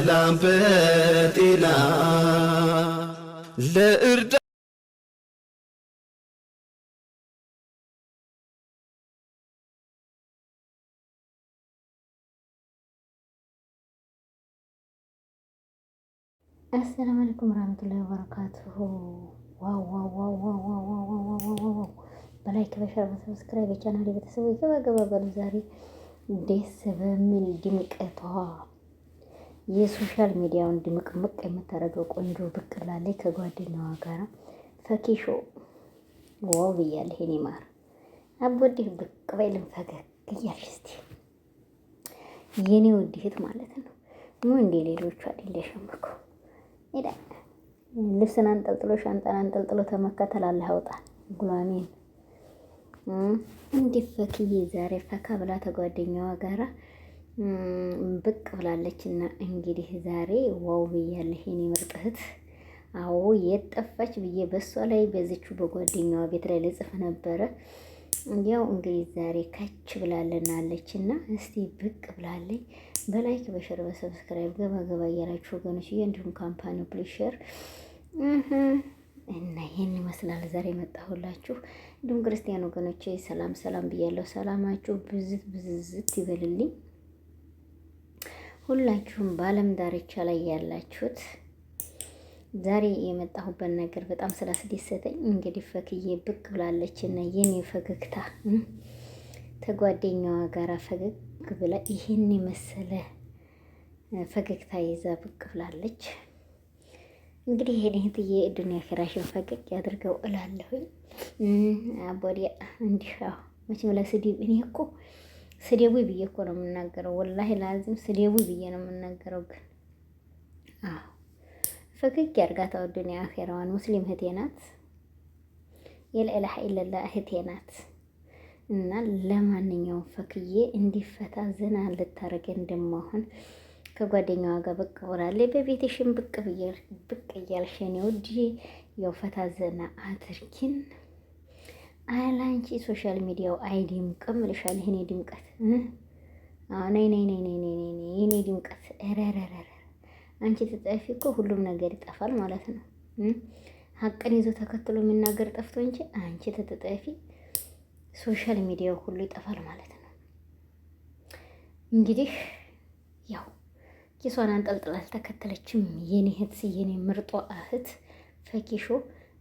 በሰላም በጤና ለእርዳ አሰላሙ አለይኩም ወራህመቱላሂ ወበረካቱሁ። ዋው በላይክ በሸር በሰብስክራይብ የቻናል ቤተሰቦች ገባ በሉ ዛሬ ደስ በሚል ድምቀቷ የሶሻል ሚዲያውን ድምቅምቅ የምታደርገው ቆንጆ ብቅ ብላለች ከጓደኛዋ ጋር ፈኪሾ ዋው ብያለሁ። የኔ ማር አቦዲህ ብቅ በይልም ፈገግ እያልሽ እስቲ የኔ ውድህት ማለት ነው። ሙ እንደ ሌሎቹ አይደለሽም እኮ ሄዳ ልብስን አንጠልጥሎ ሻንጣን አንጠልጥሎ ተመከተላለ አለ አውጣ ጉላሜን እንዲህ ፈክዬ ዛሬ ፈካ ብላ ተጓደኛዋ ጋራ ብቅ ብላለች እና እንግዲህ ዛሬ ዋው ብያለሁ የኔ ምርጥ እህት። አዎ የት ጠፋች ብዬ በሷ ላይ በዚቹ በጓደኛዋ ቤት ላይ ልጽፍ ነበረ። ያው እንግዲህ ዛሬ ከች ብላለናለች እና እስቲ ብቅ ብላለኝ። በላይክ በሸር በሰብስክራይብ ገባ ገባ እያላችሁ ወገኖች እየ እንዲሁም ካምፓኒ ፕሊሸር እና ይህን ይመስላል ዛሬ መጣሁላችሁ። እንዲሁም ክርስቲያን ወገኖቼ ሰላም ሰላም ብያለሁ። ሰላማችሁ ብዝት ብዝዝት ይበልልኝ። ሁላችሁም በዓለም ዳርቻ ላይ ያላችሁት ዛሬ የመጣሁበት ነገር በጣም ስላስደሰተኝ እንግዲህ ፈክዬ ብቅ ብላለች እና የኔ ፈገግታ ተጓደኛዋ ጋር ፈገግ ብላ ይህን የመሰለ ፈገግታ ይዛ ብቅ ብላለች። እንግዲህ ይሄንህትዬ ዱኒያ ኪራሽን ፈገግ ያድርገው እላለሁኝ። አቦዲያ እንዲህ መችም ለስድብ እኔ እኮ ስደቡ ብዬ እኮ ነው የምናገረው። ወላሂ ላዚም ስደቡ ብዬ ነው የምናገረው። ግን አዎ ፈገግ ያርጋታው ዱኒያ አኼራዋን። ሙስሊም እህቴ ናት፣ የላኢላሀ ኢለላ እህቴ ናት። እና ለማንኛውም ፈክዬ እንዲፈታ ዘና ልታረገ እንደማሆን ከጓደኛዋ ጋር ብቅ ብላለች። በቤትሽን ብቅ ብቅ እያልሽ እኔ ውድ ያው ፈታ ዘና አድርጊን። አላንቺ ሶሻል ሚዲያው አይደምቅም እልሻለሁ። የእኔ ድምቀት ነይ ነይ ነይ ነይ ነይ ነይ የእኔ ድምቀት ረረረረ አንቺ ትጠፊ እኮ ሁሉም ነገር ይጠፋል ማለት ነው። ሀቅን ይዞ ተከትሎ የሚናገር ጠፍቶ እንጂ አንቺ ትጠፊ ሶሻል ሚዲያው ሁሉ ይጠፋል ማለት ነው። እንግዲህ ያው ኪሷን አንጠልጥላ አልተከተለችም። የኔ እህት የኔ ምርጧ እህት ፈኪሾ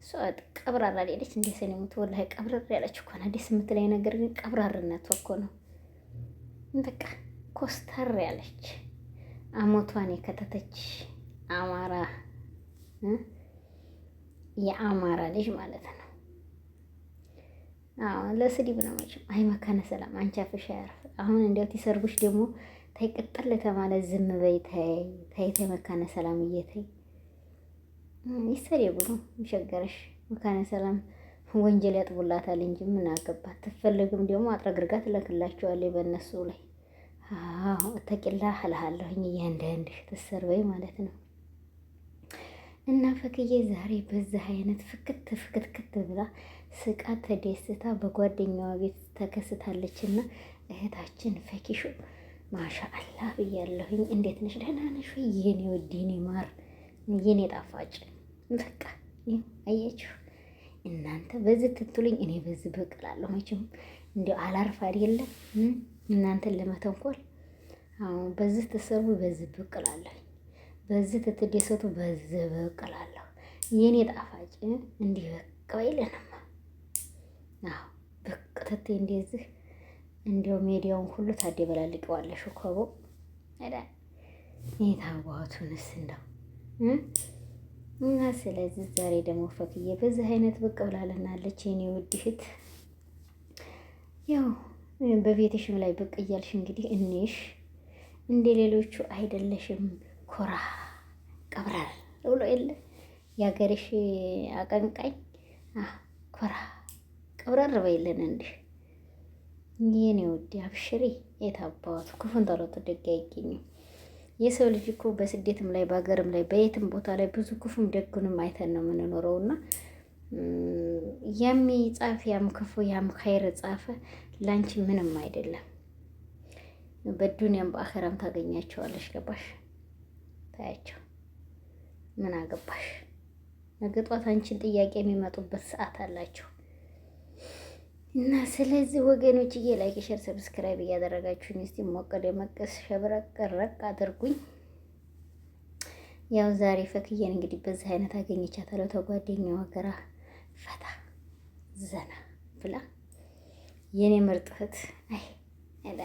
ሰዋት ቀብራራ ሌለች እንደ ሰኔ ምትወላ ወላሂ ቀብራራ ያለች እኮ ነው ደስ የምትለኝ ነገር ግን ቀብራርነቷ እኮ ነው። በቃ ኮስተር ያለች አሞቷን የከተተች አማራ የአማራ ልጅ ማለት ነው። አዎ ለስድብ ነው መቼም። አይ መካነ ሰላም አንቺ አፍሽ አያርፍ። አሁን እንዲያው ሲሰርጉሽ ደግሞ ተይ ቅጥል ተማለ ዝም በይ ተይ ተይ ተይ መካነ ሰላም እየተይ ይሰደቡ ነው የሚሸገረሽ። መካነ ሰላም ወንጀል ያጥቡላታል እንጂ ምን አገባት? ትፈልግም ደግሞ አጥረግርጋ ትለክላቸዋለች በእነሱ ላይ። አዎ እተቂላ ሀልሃለሁኝ እያንዳንድሽ ትሰርበይ ማለት ነው። እና ፈክዬ ዛሬ በዚህ አይነት ፍክት ፍክትክት ብላ ስቃ ተደስታ በጓደኛዋ ቤት ተከስታለች። እና እህታችን ፈኪሹ ማሻአላህ ብያለሁኝ። እንዴት ነሽ? ደህና ነሽ? የኔ ወድ ማር የኔ ጣፋጭ በቃ አያችሁ እናንተ በዚህ ትትሉኝ፣ እኔ በዚህ በቅላለሁ። መቼም እንዲ አላርፍ አይደለም እናንተን ለመተንኮል አሁን በዚህ ትሰርቡ፣ በዚህ በቅላለሁ። በዚህ ትትደሰቱ፣ በዚህ በቅላለሁ። የኔ ጣፋጭ እንዲህ በቃ ይለንማ። አዎ በቃ ትቴ እንደዚህ እንዲያው ሜዲያውን ሁሉ ታደበላልቀዋለሽ እኮ አቦ እዳ ይህ ታጓቱንስ እንደው እና ስለዚህ ዛሬ ደግሞ ፈክዬ በዚህ አይነት ብቅ ብላለናለች የኔ ውድ ያው በቤትሽም ላይ ብቅ እያልሽ እንግዲህ እንሽ እንደ ሌሎቹ አይደለሽም። ኮራ ቀብራል ብሎ የለ የሀገርሽ አቀንቃኝ ኮራ ቀብረር በይለን እንዲህ የኔ ውድ አብሽሪ። የታባቱ ክፉን ተሎቱ ደጋ አይገኝም። የሰው ልጅ እኮ በስደትም ላይ በሀገርም ላይ በየትም ቦታ ላይ ብዙ ክፉም ደጉንም አይተን ነው የምንኖረው እና ያም ጻፍ ያም ክፉ ያም ኸይር ጻፈ ላንቺ ምንም አይደለም። በዱንያም በአኸራም ታገኛቸዋለሽ። ገባሽ? ታያቸው ምን አገባሽ? ነገ ጧት አንቺን ጥያቄ የሚመጡበት ሰዓት አላቸው። እና ስለዚህ ወገኖች ወገኖችዬ ላይክ፣ ሸር፣ ሰብስክራይብ እያደረጋችሁኝ እስቲ ሞቅ ደመቅ ሸብረቅ ረቅ አድርጉኝ። ያው ዛሬ ፈክየን እንግዲህ በዚህ አይነት አገኘቻታለሁ ተጓደኛዋ ጋራ ፈታ ዘና ብላ የኔ ምርጥ እህት። አይ አላ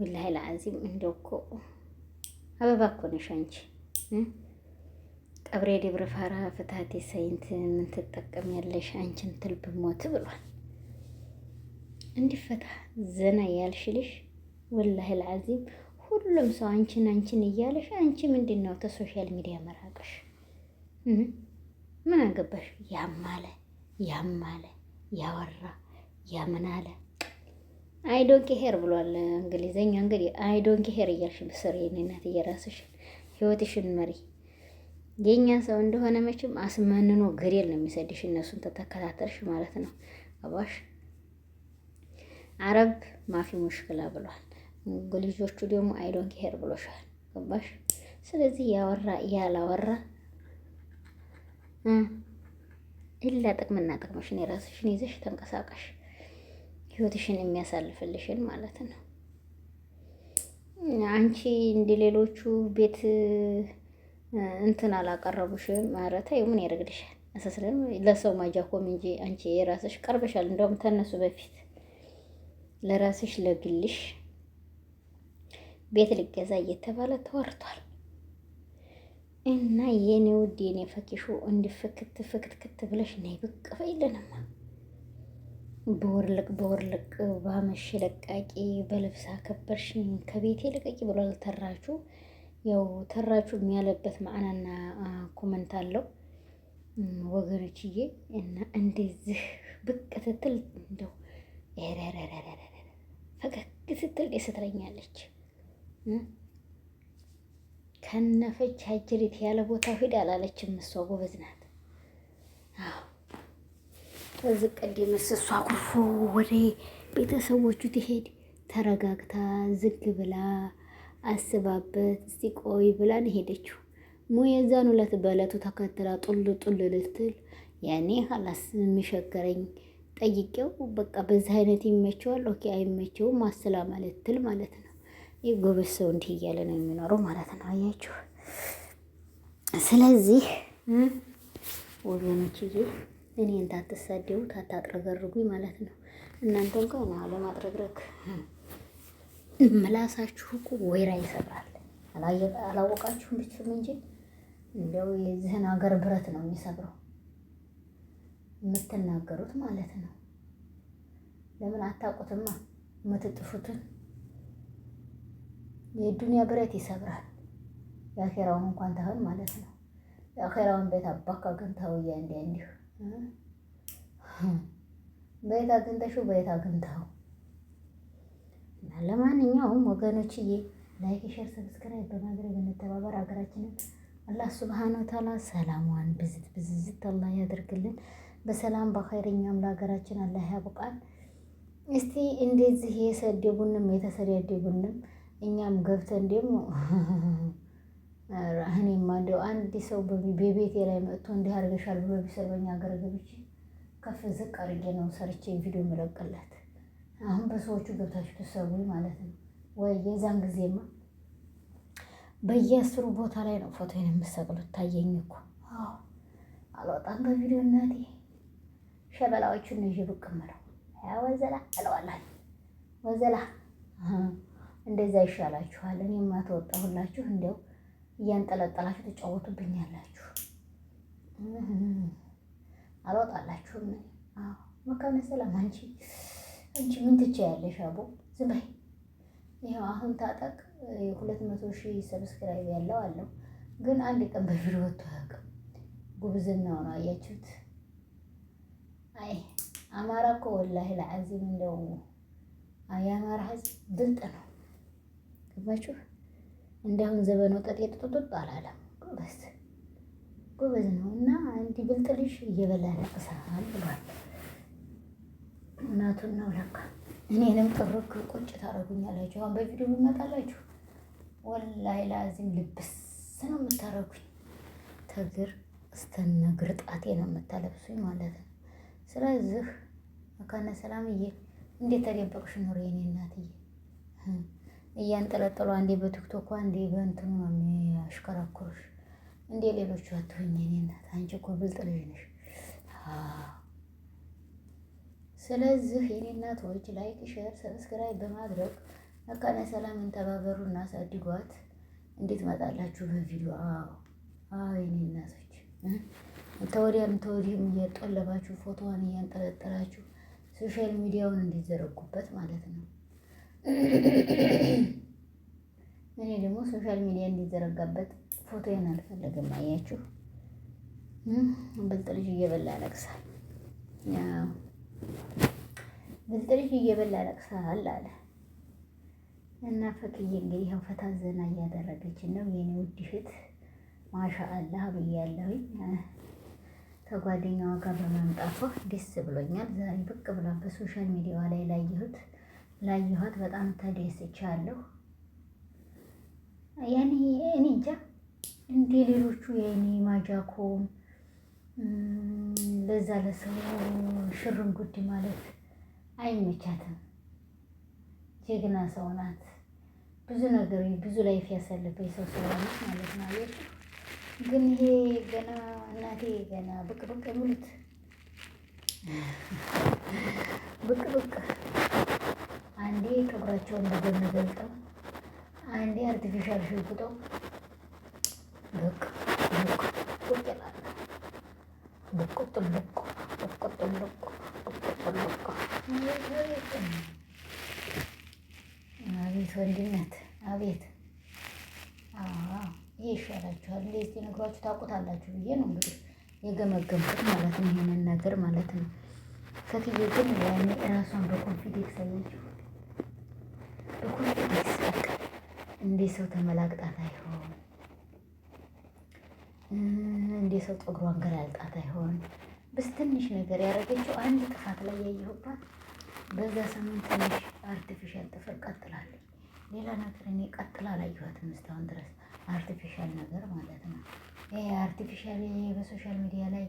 ወላሂ ለአዚም እንደው እኮ አበባ እኮ ነሽ አንቺ ቀብሬ ደብረ ፋራ ፍታቴ ሳይንት ምን ትጠቀሚያለሽ አንቺን ትልብሞት ብሏል። እንዲፈታ ዘና ያልሽልሽ ወላሂ ልዓዚም ሁሉም ሰው አንቺን አንቺን እያለሽ አንቺ ምንድን ነው ተሶሻል ሚዲያ መራቅሽ? ምን አገባሽ? ያማለ ያማለ ያወራ ያምናለ አይዶንኪ ሄር ብሏል እንግሊዘኛ። እንግዲህ አይዶንኪ ሄር እያልሽ ብስር የኔናት እየራስሽን ህይወትሽን መሪ የእኛ ሰው እንደሆነ መቼም አስመንኖ ገደል ነው የሚሰድሽ እነሱን ተተከታተልሽ ማለት ነው አባሽ አረብ ማፊ ሙሽክላ ብሏል። ልጆቹ ደግሞ አይዶን ኬር ብሎሻል። ገባሽ? ስለዚህ ያወራ ያላወራ ሌላ ጥቅምና ጥቅምሽን የራስሽን ይዘሽ ተንቀሳቀሽ። ህይወትሽን የሚያሳልፍልሽን ማለት ነው። አንቺ እንደ ሌሎቹ ቤት እንትን አላቀረቡሽም። ኧረ ተይው፣ ምን ያደርግልሻል? ለሰው ማጃኮም እንጂ አንቺ የራስሽ ቀርበሻል፣ እንደውም ተነሱ በፊት ለራስሽ ለግልሽ ቤት ልገዛ እየተባለ ተወርቷል። እና የኔ ውድ የኔ ፈኪሹ እንድፈክት ፍክትክት ብለሽ ነይ ብቅ በይልንማ። በወርልቅ በወርልቅ ባመሽ ለቃቂ በልብስ አከበርሽኝ ከቤቴ ልቀቂ ብሏል ተራቹ። ያው ተራቹ የሚያለበት ማዕናና ኮመንት አለው ወገኖችዬ። እና እንደዚህ ብቅ ትትል እንደው ፈገግ ስትል ስትለኛለች። ከነፈች ሀጅሪት ያለ ቦታ ሂድ አላለችም። እሷ ጎበዝ ናት። ከዚህ ቀደም እሷ ኩርፎ ወደ ቤተሰቦቹ ትሄድ ተረጋግታ ዝግ ብላ አስባበት እስቲ ቆይ ብላን ሄደችው። ሙ የዛን ሁለት በእለቱ ተከትላ ጡል ጡል ልትል ያኔ ሀላስ የሚሸገረኝ ጠይቄው በቃ በዚህ አይነት ይመቸዋል፣ ኦኬ አይመቸውም፣ ማስላ ማለት ትል ማለት ነው። ይህ ጎበዝ ሰው እንዲህ እያለ ነው የሚኖረው ማለት ነው። አያችሁ። ስለዚህ ወገኖች ዬ እኔ እንዳትሳደቡ ታታጥረገርጉኝ ማለት ነው። እናንተ እንኳን ለማጥረግረግ ምላሳችሁ እኮ ወይራ ይሰብራል። አላወቃችሁ እንድትስም እንጂ እንዲያው የዚህን ሀገር ብረት ነው የሚሰብረው። የምትናገሩት ማለት ነው። ለምን አታውቁትማ? የምትጥፉትን የዱንያ ብረት ይሰብራል። የአኼራውን እንኳን ታህል ማለት ነው። የአኼራውን ቤት አባካ ግን ታውያ እንዲ እንዲህ በየት አግኝተሽው በየት አግኝተኸው። እና ለማንኛውም ወገኖችዬ ላይክ፣ ሸር፣ ሰብስክራይብ በማድረግ እንተባበር። ሀገራችንን አላህ ሱብሃነ ወተዓላ ሰላሟን ብዝት ብዝዝት አላህ ያደርግልን። በሰላም በኸይር እኛም ለሀገራችን አላህ ያብቃን። እስቲ እንደዚህ የሰደቡንም የተሰደደቡንም እኛም ገብተን ደግሞ እኔማ እንደው አንድ ሰው በቤቴ ላይ መጥቶ እንዲህ አድርገሻል ብሎ ቢሰርበኝ ሀገር ገብቼ ከፍ ዝቅ አድርጌ ነው ሰርቼ ቪዲዮ መለቅለት። አሁን በሰዎቹ ገብታችሁ ትሰሩኝ ማለት ነው ወይ? የዛን ጊዜማ በየአስሩ ቦታ ላይ ነው ፎቶ የምሰቅሉት። ታየኝ እኮ አዎ፣ አልወጣም በቪዲዮ እናቴ ሸበላዎቹን ነው ይዤ ብቅ እምለው። ያ ወዘላ እለዋለሁ። ወዘላ እንደዛ ይሻላችኋል። እኔ ማተወጣሁላችሁ እንዲያው እያንጠለጠላችሁ ተጫወቱብኛላችሁ። አልወጣላችሁም። መካነ ሰላም አንቺ አንቺ ምን ትችያለሽ? አቦ ዝም በይ። ይኸው አሁን ታጠቅ ሁለት መቶ ሺህ ሰብስክራይብ ያለው አለው፣ ግን አንድ ቀን በቪዲዮ ወጥቶ አያውቅም። ጉብዝናው ነው። አያችሁት? አይ አማራ እኮ ወላሂ ለአዚም እንደው የአማራ ህዝብ ብልጥ ነው። ገባችሁ? እንዲያውም ዘበኑ ጥጥ ጥጡጥ አላለም። ጎበዝ ጎበዝ ነው። እና እንዲህ ብልጥ ልጅ እየበላ ነቅሳል ብሏል። እውነቱን ነው ለካ። እኔንም ጥርግ ቁጭ ታደርጉኛላችሁ። አሁን በቪዲዮ ይመጣላችሁ። ወላሂ ለአዚም ልብስ ነው የምታደርጉኝ። ተግር እስተነ ግርጣቴ ነው የምታለብሱኝ ማለት ነው። ስለዚህ መካነ ሰላምዬ እንዴት ተደበቅሽ ኖሮ የኔ እናትዬ እያንጠለጠሉ አንዴ በቲክቶክ አንዴ በእንትኑ ነው የሚያሽከረክሩሽ። እንደ ሌሎቹ አትሆኝ የኔ እናት፣ አንቺ እኮ ብልጥ ልጅ ነሽ። ስለዚህ የኔ እናቶች ላይክ፣ ሼር፣ ሰብስክራይብ በማድረግ መካነ ሰላምን ተባበሩ እና አሳድጓት። እንዴት መጣላችሁ በቪዲዮ? አዎ አዎ የኔ እናቶች ተወዲያም ተወዲህም እያጠለባችሁ ፎቶዋን እያንጠለጠላችሁ ሶሻል ሚዲያውን እንዲዘረጉበት ማለት ነው። እኔ ደግሞ ሶሻል ሚዲያ እንዲዘረጋበት ፎቶዬን አልፈለግም። አያችሁ፣ ብልጥ ልጅ እየበላ ያለቅሳል፣ ብልጥ ልጅ እየበላ ያለቅሳል አለ እና ፈቅዬ እንግዲህ ያው ፈታ ዘና እያደረገችን ነው የኔ ውድ እህት ማሻአላህ ብያለሁኝ። ከጓደኛዋ ጋር በማምጣትህ ደስ ብሎኛል። ዛሬ ብቅ ብላ በሶሻል ሚዲያዋ ላይ ላየሁት ላየኋት በጣም ተደስቻለሁ። ያኔ እኔ እንጃ እንደ ሌሎቹ የኔ ማጃኮ ለዛ ለሰው ሽርን ጉድ ማለት አይመቻትም። ጀግና ሰው ናት። ብዙ ነገር ብዙ ላይፍ ያሳለፈ የሰው ስለሆነ ማለት ነው። ግን ይሄ ገና እናቴ ገና ብቅ ብቅ ብሉት ብቅ ብቅ አንዴ ጠጉራቸውን በጎን ገልጠው አንዴ አርቲፊሻል ሽጉጠው ብቅ ብቅ ብቅ ይላል። ብቅ ጥልቅ ብቅ ጥልቅ ብቅ ጥልቅ አቤት ወንድነት አቤት ይሄ ይሻላችኋል፣ እንደዚህ ነግሯችሁ ታውቁታላችሁ ብዬ ነው እንግዲህ የገመገምኩት ማለት ነው፣ ይሄንን ነገር ማለት ነው። ፈትዬ ግን ያኔ ራሷን በቃ እንዴ ሰው ተመላቅጣት አይሆን ሰው ገላልጣት አይሆን ትንሽ ነገር ያደረገችው አንድ ጥፋት ላይ ያየሁባት በዛ ሰሞን ትንሽ አርቲፊሻል ጥፍር ቀጥላለች። ሌላ ነገር እኔ ቀጥላ አላየኋትም እስካሁን ድረስ አርቲፊሻል ነገር ማለት ነው። ይሄ አርቲፊሻል በሶሻል ሚዲያ ላይ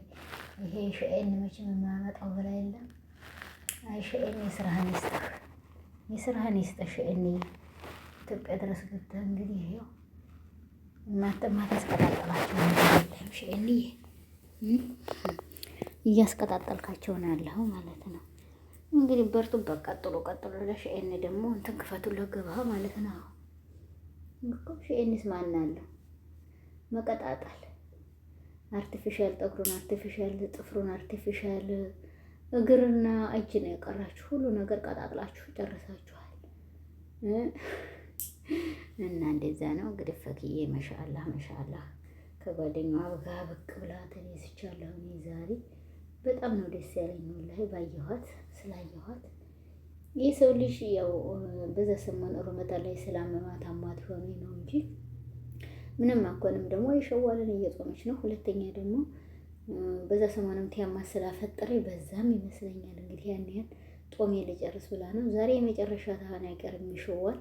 ይሄ ሸኤን መቼም የማያመጣው ብላ የለም። አይ ሸኤን የስራህን ይስጥህ፣ የስራህን ይስጥህ ሸኤን። ኢትዮጵያ ድረስ ገብተህ እንግዲህ ይኸው የማታስቀጣጠላቸው የለም ሸኤን፣ እያስቀጣጠልካቸው ነው ያለው ማለት ነው። እንግዲህ በርቱ፣ በቀጥሎ ቀጥሎ ለሸኤን ደግሞ እንትን ክፈቱለት ገባህ ማለት ነው። ሸኤንስ ማን አለው? መቀጣጣል፣ አርቲፊሻል ጠጉሩን፣ አርቲፊሻል ጥፍሩን፣ አርቲፊሻል እግርና እጅ ነው የቀራችሁ። ሁሉ ነገር ቀጣጥላችሁ ጨርሳችኋል። እና እንደዛ ነው እንግዲህ ፈክዬ መሻላ መሻላ ከጓደኛዋ ብጋ ብቅ ብላ ተነስቻለሁ። እኔ ዛሬ በጣም ነው ደስ ያለኝ ወላሂ ባየኋት ስላየኋት። ሰው ልጅ ያው በዛ ሰሞን ሩመታ ላይ ስላመማት አሟት ሆኔ ነው እንጂ ምንም አኮንም ደግሞ የሸዋልን እየጾመች ነው። ሁለተኛ ደግሞ በዛ ሰሞንም ቲያማ ስላፈጠረ በዛም ይመስለኛል እንግዲህ ያን ያህል ጦሜ ልጨርስ ብላ ነው። ዛሬ የመጨረሻ ታህን አይቀርም ይሸዋል።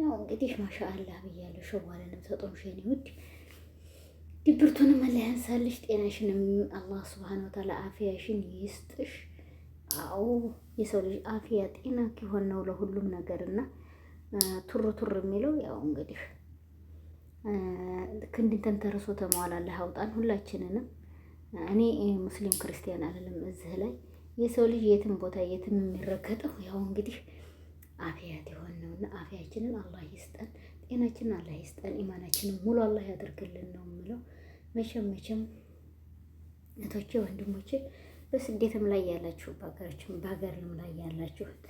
ያው እንግዲህ ማሻአላህ ብያለሁ። ሸዋልንም ተጦምሸን ይውድ ድብርቱን ድብርቱንም አላህ ያንሳልሽ፣ ጤናሽንም አላህ ስብሓን ወተዓላ አፍያሽን ይስጥሽ። አዎ የሰው ልጅ አፍያ ጤና ኪሆን ነው ለሁሉም ነገርና ቱር ቱር የሚለው ያው እንግዲህ ክንድን ተንተርሶ ተመዋል አላህ አውጣን ሁላችንንም። እኔ ሙስሊም ክርስቲያን አይደለም። እዚህ ላይ የሰው ልጅ የትም ቦታ የትም የሚረገጠው ያው እንግዲህ አፍያት የሆን ነውና አፍያችንን አላህ ይስጠን፣ ጤናችንን አላህ ይስጠን፣ ኢማናችንን ሙሉ አላህ ያደርግልን ነው የምለው። መቼም መቼም እህቶቼ ወንድሞቼ፣ በስደትም ላይ ያላችሁ በሀገራችን በሀገርም ላይ ያላችሁት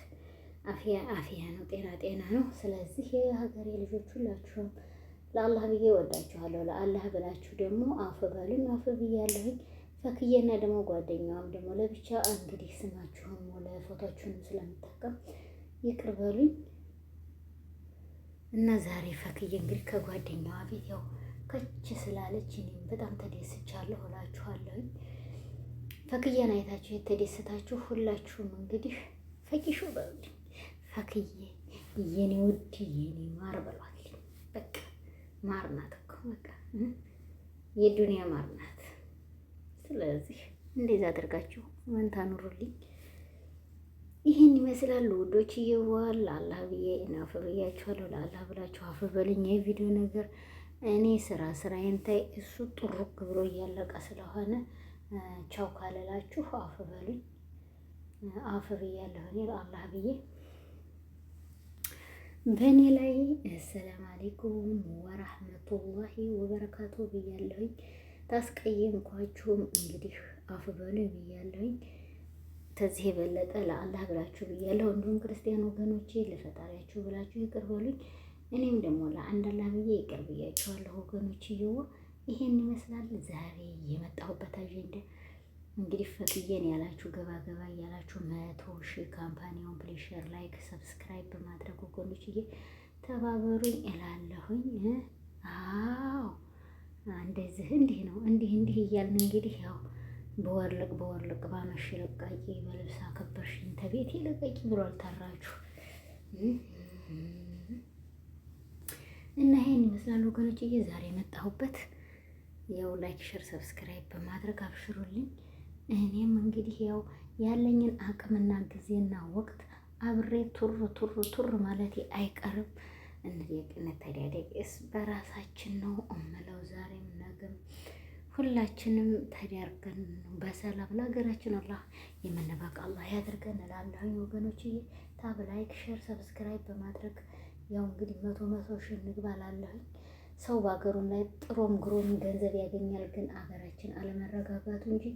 አፍያ አፍያ ነው፣ ጤና ጤና ነው። ስለዚህ የሀገሬ ልጆች ሁላችሁም ለአላህ ብዬ ወዳችኋለሁ። ለአላህ ብላችሁ ደግሞ አፍ በሉኝ። አፍ ብያለሁኝ። ፈክዬና ደግሞ ጓደኛዋም ደግሞ ለብቻ እንግዲህ ስማችሁን ወለ ፎቶችሁን ስለምጠቀም ይቅር በሉኝ እና ዛሬ ፈክዬ እንግዲህ ከጓደኛዋ ቤት ያው ከች ስላለች እኔም በጣም ተደስቻለሁ እላችኋለሁኝ። ፈክዬን አይታችሁ የተደስታችሁ ሁላችሁም እንግዲህ ፈቂሹ በሉኝ። ፈክዬ የኔ ውድ የኔ ማር በሏል በቃ ማር ናት እኮ በቃ የዱንያ ማር ናት። ስለዚህ እንደዛ አድርጋችሁ መንታ ኑሩልኝ። ይህን ይመስላሉ ውዶች እየዋል አላህ ብዬ ናፈ ብያችኋለሁ። ለአላህ ብላችሁ አፈ በልኝ። የቪዲዮ ነገር እኔ ስራ ስራ ታይ እሱ ጥሩ ብሎ እያለቀ ስለሆነ ቻው ካለላችሁ አፈ በሉኝ። አፈ ብያለሁ እኔ አላህ ብዬ በእኔ ላይ አሰላም አሌይኩም ወራህመቱላሂ ወበረካቱ ብያለሁኝ። ታስቀየምኳችሁም እንግዲህ አፉ በሉ ብያለሁኝ። ከዚህ የበለጠ ለአላህ ብላችሁ ብያለሁ። እንዲሁም ክርስቲያን ወገኖቼ ለፈጣሪያችሁ ብላችሁ ይቅር በሉኝ። እኔም ደግሞ ለአንድ አላህ ብዬ ይቅር ብያችኋለሁ ወገኖች። ይህን ይመስላል ዛሬ የመጣሁበት አጀንዳ። እንግዲህ ፈቅየን ያላችሁ ገባ ገባ እያላችሁ መቶ ሺህ ካምፓኒውን ፕሌሸር ላይክ ሰብስክራይብ በማድረግ ወገኖችዬ ተባበሩኝ እላለሁኝ። አዎ እንደዚህ እንዲህ ነው እንዲህ እንዲህ እያልን እንግዲህ ያው በወርልቅ በወርልቅ ባመሽ ለቃቂ በልብስ አከበርሽኝ ተቤት ለቀቂ ብሎ አልታራችሁ እና ይሄን ይመስላል ወገኖችዬ ዛሬ የመጣሁበት ያው ላይክ ሸር ሰብስክራይብ በማድረግ አብሽሩልኝ። እኔም እንግዲህ ያው ያለኝን አቅምና ጊዜና ወቅት አብሬ ቱር ቱር ቱር ማለት አይቀርም። እንዴት እንተዳደቅስ በራሳችን ነው እምለው ዛሬም ነገም ሁላችንም ተዳርገን በሰላም ለሀገራችን አላህ የምንበቃ አላህ ያድርገን እላለሁኝ ወገኖች። ታብ ላይክ፣ ሼር፣ ሰብስክራይብ በማድረግ ያው እንግዲህ መቶ መቶ ሺህ እንግባ እላለሁኝ። ሰው በሀገሩም ላይ ጥሮም ግሮም ገንዘብ ያገኛል። ግን አገራችን አለመረጋጋቱ እንጂ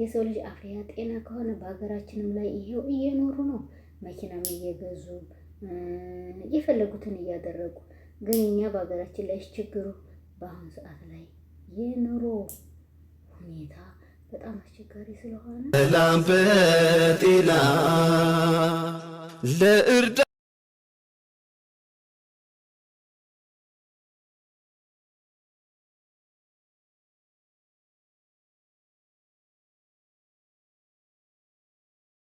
የሰው ልጅ አፍሪያ ጤና ከሆነ በሀገራችንም ላይ ይሄው እየኖሩ ነው። መኪናም እየገዙ የፈለጉትን እያደረጉ ግን እኛ በሀገራችን ላይ ችግሩ በአሁኑ ሰዓት ላይ የኑሮ ሁኔታ በጣም አስቸጋሪ ስለሆነ ሰላም በጤና ለእርዳ